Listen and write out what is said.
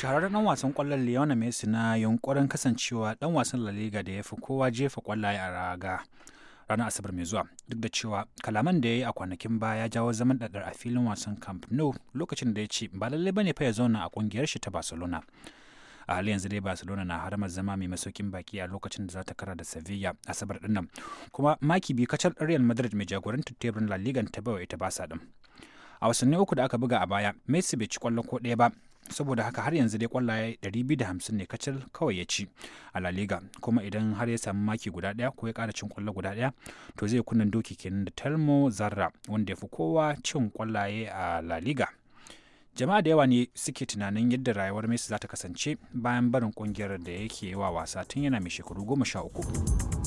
shahararren dan wasan kwallon Lionel Messi na yunkurin kasancewa dan wasan La Liga da ya fi kowa jefa kwallaye a raga ranar Asabar mai zuwa duk da cewa kalaman da ya yi a kwanakin baya ya jawo zaman ɗaɗar a filin wasan Camp Nou lokacin da ya ce ba lallai ba ne fa ya zauna a kungiyar shi ta Barcelona. a halin yanzu dai barcelona na haramar zama mai masaukin baki a lokacin da za ta kara da sevilla asabar ɗinnan kuma maki biyu kacal real madrid mai jagorantar teburin la liga ta bawa ita basa din a wasanni uku da aka buga a baya messi bai ci kwallon ko ɗaya ba saboda haka har yanzu dai kwallaye 250 ne kacal kawai ya ci a La Liga kuma idan har ya samu maki guda ɗaya ko ya kara cin kwallo guda ɗaya to zai kunnan doki kenan da Telmo Zarra wanda ya fi kowa cin kwallaye a La Liga jama'a da yawa ne suke tunanin yadda rayuwar Messi za ta kasance bayan barin kungiyar da yake wa wasa tun yana mai shekaru goma sha uku.